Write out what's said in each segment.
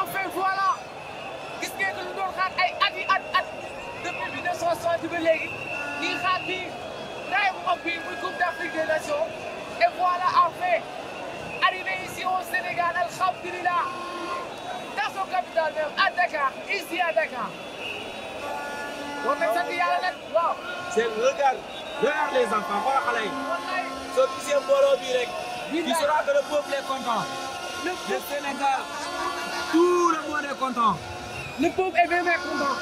enfin voilà gis ngeen que ñu doon xaar ay at at at depuis 1960 ba léegi ñuy xaar lii nawet bu mag bii muy Coupe d'Afrique des Nations et voilà enfin arrivé ici au Sénégal alhamdulillah dans son capitale même à Dakar ici à Dakar. war nañ sant yàlla nag waaw. seen regard regard les enfants xoolal xale soo gisee mbooloo bi rek. Tu sauras que le peuple est content. Le, le Sénégal, le monde est content. Le peuple est vraiment content.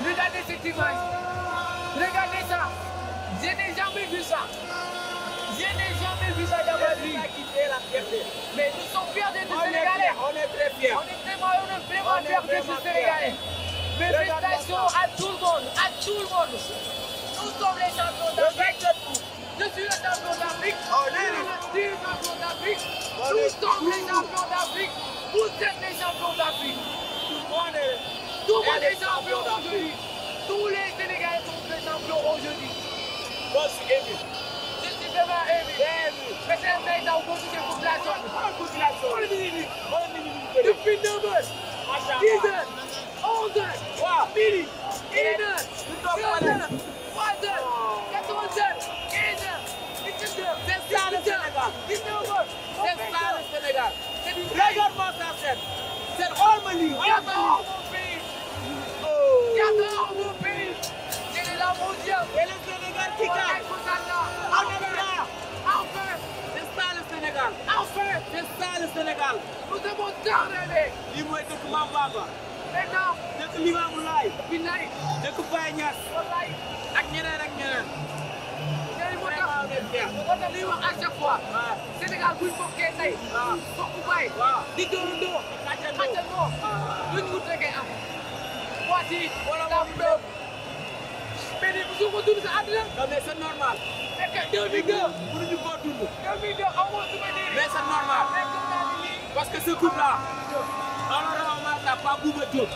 Regardez cette image. Regardez ça. Je n'ai jamais vu ça. Je n'ai jamais vu ça dans ma vie. Mais nous sommes fiers de nous Sénégalais. On est très fiers. On est vraiment, on est vraiment on fiers de nous Sénégalais. Félicitations à tout le monde, à tout le monde. Nous sommes les champions d'Afrique. Je suis le champion d'Afrique. Oh, je suis le champion d'Afrique. Nous sommes les champions d'Afrique. Vous êtes les champions d'Afrique. Tout le monde est champion d'aujourd'hui. Tous les Sénégalais sont les champions aujourd'hui. Moi, je suis ému. Je suis vraiment ému. Mais c'est un pays où beaucoup de population. Pour le minute. Depuis 2 heures, 10 heures, 11 heures, midi, 1 heure, 2 heures, 3 heures, 14 heures. C'est ça le Sénégal. C'est ça le Sénégal. C'est du regarde-moi ça scène. C'est all money. J'adore mon pays. J'adore mon pays. Il est là mon Dieu. Et le Sénégal qui gagne. Enfin. Enfin. C'est ça le Sénégal. Enfin. C'est ça le Sénégal. ak ñeneen ak ñeneen. li wax à chaque fois. Sénégal buñ bokkee tey. waaw bokku baay. waaw di dóorandoo. xàccandoo luñ wut rek am. voici. wala moom dëpp. mais de ko dund sa àddina. non mais c'est normal. c'est que 2002. mënuñu koo dund. 2002 amoo souvenir. mais c'est normal. parce que ce couple là. on rend hommage à Pape Bouba Diop.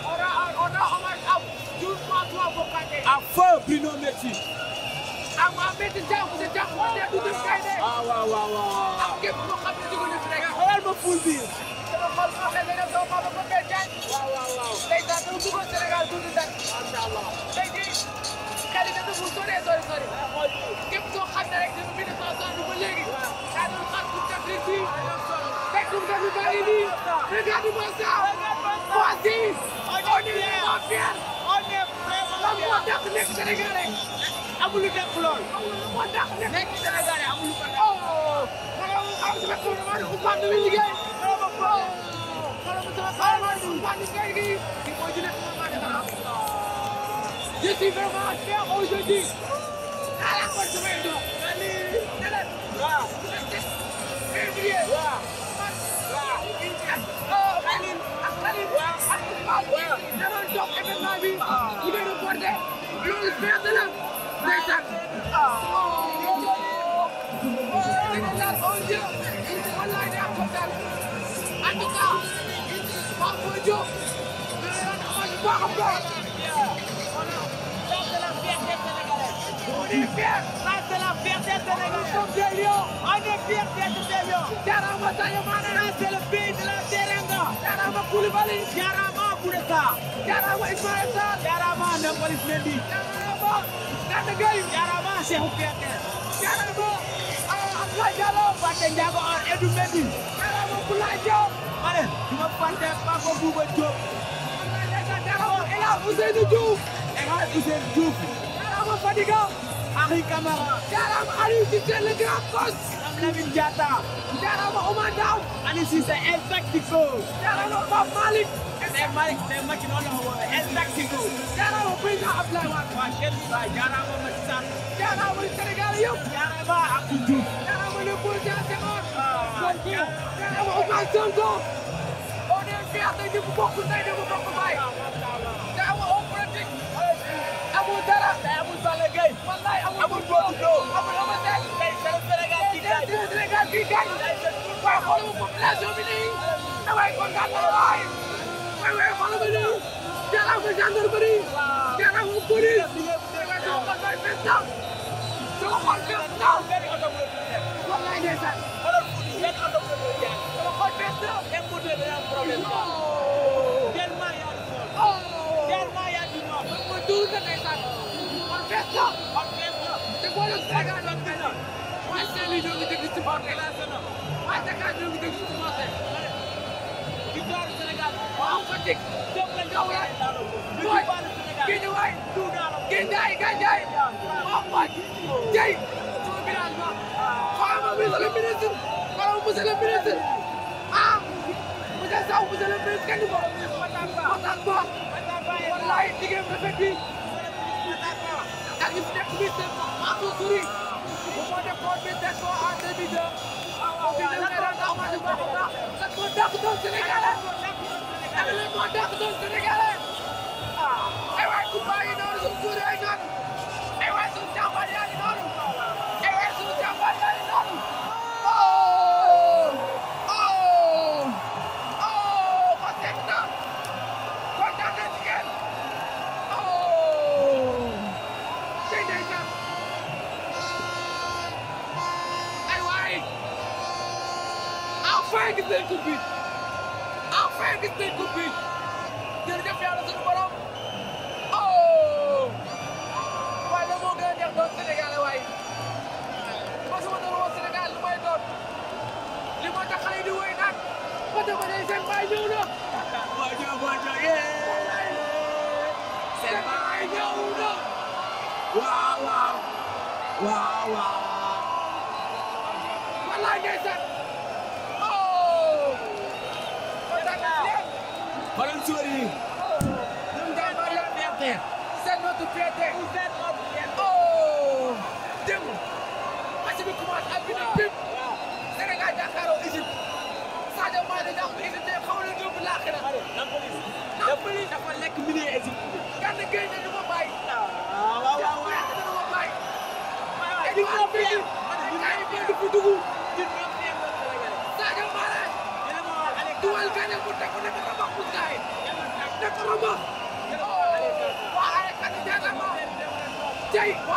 ah waaw métti jàpp te jàpp ma ne du jëm kay de. ah waaw waaw waaw. ak képp koo xam ne dugg na fi rek. mais xoolal ma poul bi. sama xol moo xam ne dama ko mën a jaay. waaw waaw waaw. tey sax dama bëggoon Sénégal tuuti nag. macha allah. tey jii xel dina mu sori sori sori. Ah, képp koo xam ne rek dina mën a soxla ba léegi. daa doon xar pour def li fii. tey pour def lu bari nii. regarde-moi ça. moi si. on est vraiment fier. on est vraiment fier. lan moo tax nekk Sénégal rek. amul lu def lool. nekk Sénégalais amul lu ko def. oh. xam nga sama xarit Maodo Ousmane dafay liggéey. Je suis vraiment fier aujourd'hui. à la fois sama doom. waaw. février. waaw. waaw. oh Khalil. ak Khalil. waaw ak Ousmane. waaw. dama toog événement bi. ñu koy reporté. loolu fierté la. ndeysaan Sénégal on Dieu wallaay daa ko dal en tout cas Pape Diop baax a baax ça c'est la fierté sénégalaise on est fier ça c'est la fierté sénégalaise on est fier on est fier d'être des Lions jaaraama Sadio Mané ça c'est le pays de la teranga jaaraama Koulibaly jaaraama Boubacar jaaraama Ismaïla Sarr jaaraama Nampalys Mendy jaaraama Kande Gueye jarama Cheikhou Kouyaté jarama Abdoulaye Diallo Fate Ndiago or Edou Mendy jarama Boulaye Diop mane duma fàtte Pape Bouba Diop El Hadj Ousseynou Diouf El Hadj Ousseynou Diouf jarama Fadiga Henri Camara jarama Aliou Cissé le grand boss am Lamine Diatta jarama Oumar Daw Aliou Cissé El Tactico jarama tey Malick tey Macky noonu la ko woowee El Tactico jaaraama président Abdoulaye Wade waa Cheikh Moussa jaaraama Macky Sall jaaraama Sénégal yëpp jaaraama Abdou Diouf jaaraama le président Senghor jaaraama Ousmane Sonko on est fier de ñu bokk ndey de mu bokk baay te amul homme politique amul dara te amul Balla Gaye wallaay amul boobu doo amul ama tey tey Sénégal kii gañ tey Sénégal kii gañ waaye xoolal population bi nii damay kontaan na waay xewee xoolal ma ñëw jaaraama ko gendarmerie jaaraama ko police mais sama xol mooy fees na sama xol fees na wallaay ndeysaan sama xol fees na. ma dugg na ndeysaan xol fees na te boo leen Sénégal doon fees na waa Saint-Louis ñoo ngi dégg supporter waa Dakar ñoo ngi dégg supporter Fatick Kaolack Mboy Guédiawaye Guédiawaye Guédiawaye Pambaay Dieng sama village ba xaama monsieur le ministre xaama monsieur le ministre ah monsieur Sow monsieur le ministre kenn ko waxtaan ba wallaay liggéeyam rafet bi ak ñu fi nekk ministre Mansour Souri bu moo def ko ministre ko en 2002 bi dem na ren amaat bu baax a baax ko dàq doon Sénégal ak léegi moo dàq doon Sénégalais ah aywa ku bàyyi noonu suuf tuuti ay noonu waaw waaw waaw waaw wallaay ndeysaan oh balon sori dum da bari la perte c'est notre fierté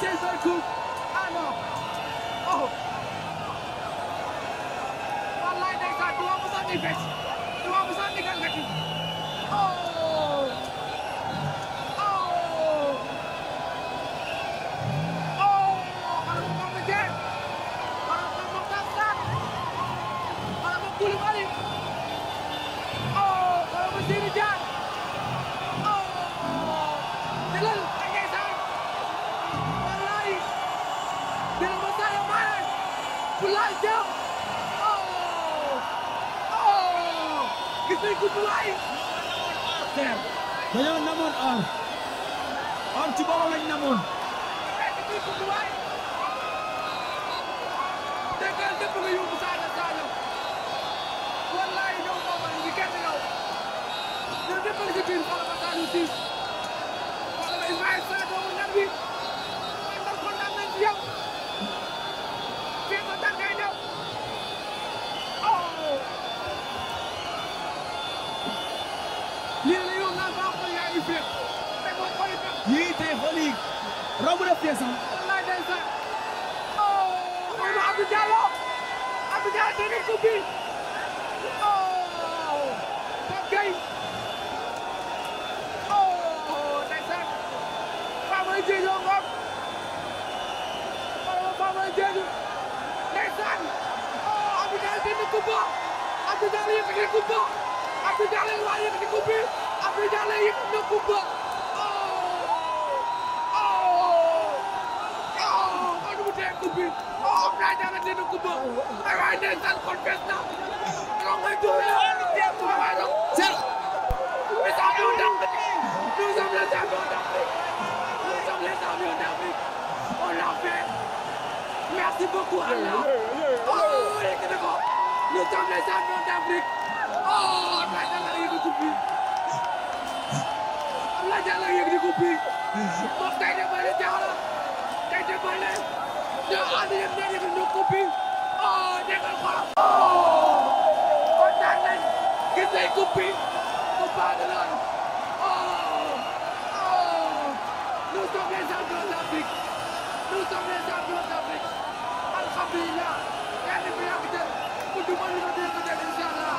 C'est le seul coup. Ah non. oh. wallaay ndeysaan du ma mos a andi fecc du ma mos a andi gàllankoor. oh. laay jàpp oh, oh! gis nañ ah. ah, ko Boulaye. tey dañoo namoon or or ci boobu lañ namoon. dégal dëpp nga yóbbu Sadio Sadio wallaay ñoom Fapal ñu ngi kenn yow ñun dëppal ci biir Fapal Sadio Ciss Fapal Ismaïl Sarr doomu ñaar bi. ndeysaan wallaay ndeysaan oh xool ma Abdou Diallo Abdou Diallo dégg nga kubbi oh Pape Gueye oh ndeysaan Famay Diédio ngoog oh Famay Diédio ndeysaan oh Abdou Diallo dégg nga kubba Abdou Diallo yëkkati kubba Abdou Diallo yëkkati kubbi Abdou Diallo yëkkati kubba waay dara dina gubba ay waay ndeysaan kon fees na non mais doo na waaw waay donc. Thiel. mais champion d'Afrique nous sommes les champions d'Afrique nous sommes les champions d'Afrique on l'a fait merci beaucoup Allah oh léegi nag nous sommes les champions d'Afrique oh Abdoulaye Diallo yëg di coupe bi Abdoulaye Diallo yëg di coupe bi moom kay defalee jaaxal kay defalee. ñu ànd yëpp ñoo déglu ñu coupe bi oh déggal ko oh kontaan nañ gis nañ coupe bi coupe baa ngi noonu oh oh nous sommes les champions d'Afrique nous sommes les champions d'Afrique alhamdulilah kenn ku yàgg jël ku duma ñu ko dégg ko dégg incha allah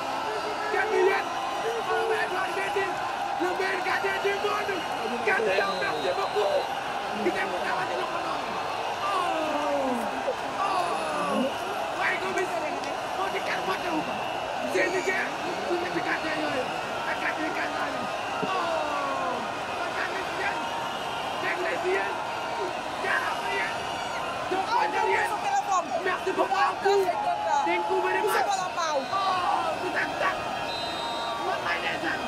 kenn yéen Ahmed Edouard Mendy le meilleur gardien du monde kenn daw merci beaucoup gis nañ ko daaw a déglu ko noonu. seeni jeex su ñetti gàncax yooyu ak gàncax gàncax yi oh kontaan nañ si yéen dégg nañ si yéen jaaraama yéen donc kontaan yéen merci beaucoup dañ ko bëri ma oh bu tàkk tàkk man maa ngi lay sant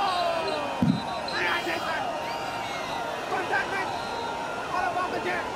oh maa ngi lay sant kontaan nañ xoolal maa ko jeex.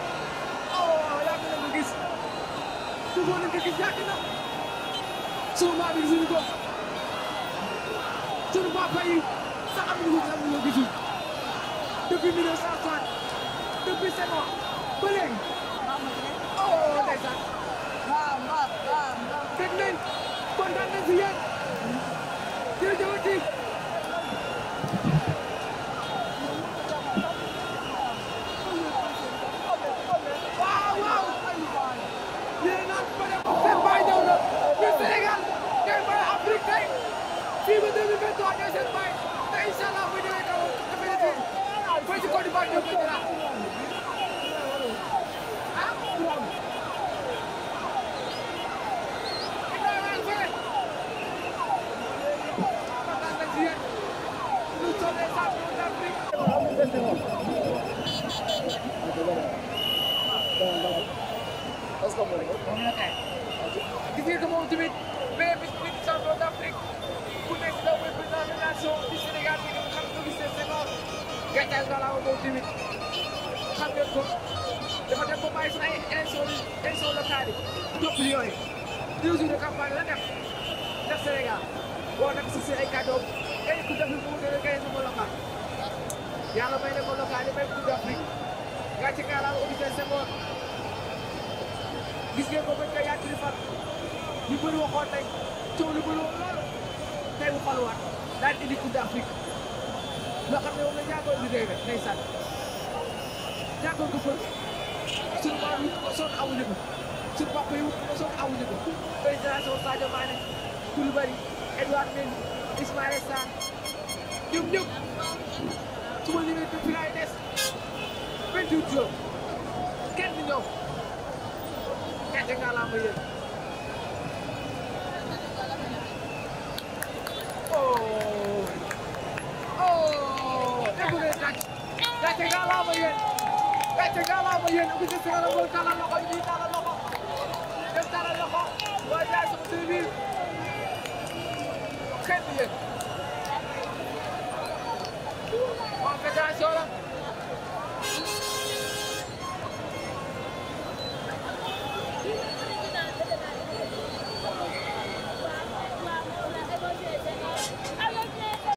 toujours ne dëkk jàkk na sunu maam yi suñu doom sunu papa yi sax am nañu xam ne gisul depuis 1960 depuis sept ans ba léegi oh ndeysaan fekk nañ Inch'Allah, vous devez être au Côte d'Ivoire. gàncax gi laa moom tamit xam ngeen ko dafa dem ba bàyyi suñu ay yooyu deux jours de campagne la def def Sénégal boo nekk si seen ay kàddoom ay Coupe d'Afrique bu mu demee gaye sama local yàlla may ne ko local yi may Coupe d'Afrique gàncax gi laa Augustin Senghor gis ngeen ko ko yaatu di fal ñu bëri waxoon coow lu bëri woon lool tey mu faluwaat daal indi Coupe d'Afrique loo xam ne moom la ñaagoon liggéey rek ndeysaan ñaagoon ko fa suñu maam yi ko sonn amuñu ko suñu papa yi ko sonn amuñu ko génération Sadio Mané Koulibaly Edouard Mendy Ismaïla Sarr ñoom ñëpp su ma limee depuis laay des vingt-huit jours kenn ñëw gàcce nga laa ma yéen gàcce nga la ma yéen gàcce nga la ma yéen bu ci sunu ngol tàllal loxo yi tàllal loxo dem tàllal loxo waa jaay sama tur bi kenn yéen waa fédération la